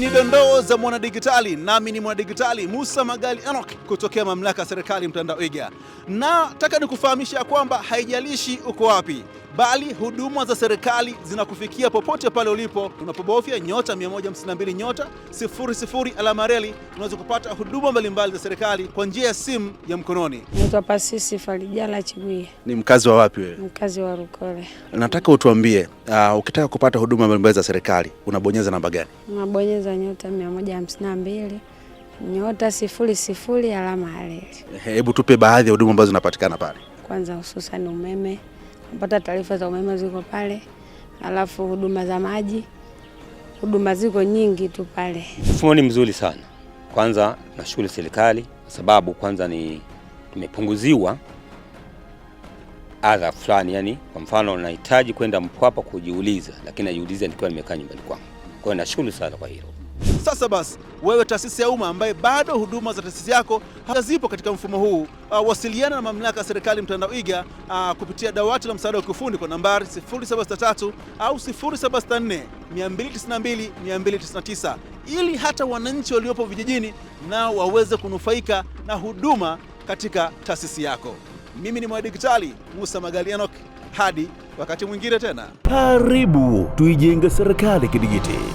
ni dondoo za mwanadigitali, nami ni mwanadigitali Musa Magali Anok kutokea mamlaka ya serikali mtandao eGA. Na nataka nikufahamisha kwamba haijalishi uko wapi, bali huduma za serikali zinakufikia popote pale ulipo. Unapobofya nyota 152 nyota 00 alama reli, unaweza kupata huduma mbalimbali za serikali kwa njia ya simu ya mkononi. Naitwa Pasisi Falijala Chigui. Ni mkazi wa wapi wewe? Mkazi wa Rukole. Nataka utuambie, uh, ukitaka kupata huduma mbalimbali za serikali unabonyeza namba gani? Unabonyeza nyongeza nyota mbili nyota sifuri sifuri alama haleli. Hebu tupe baadhi ya huduma ambazo zinapatikana pale. Kwanza hususan umeme, napata taarifa za umeme ziko pale, alafu huduma za maji, huduma ziko nyingi tu pale. Mfumo ni mzuri sana. Kwanza nashukuru serikali kwa sababu kwanza ni tumepunguziwa adha fulani, yani kwa mfano nahitaji kwenda mpwapa kujiuliza, lakini najiuliza nikiwa nimekaa nyumbani kwangu. Kwa hiyo nashukuru sana kwa hilo. Sasa basi, wewe taasisi ya umma ambaye bado huduma za taasisi yako hazipo katika mfumo huu, uh, wasiliana na mamlaka ya serikali mtandao iga uh, kupitia dawati la msaada wa kiufundi kwa nambari 0763 au 074 292 299 ili hata wananchi waliopo vijijini nao waweze kunufaika na huduma katika taasisi yako. Mimi ni Mwandigitali Musa Magalianok, hadi wakati mwingine tena, karibu tuijenge serikali kidigiti.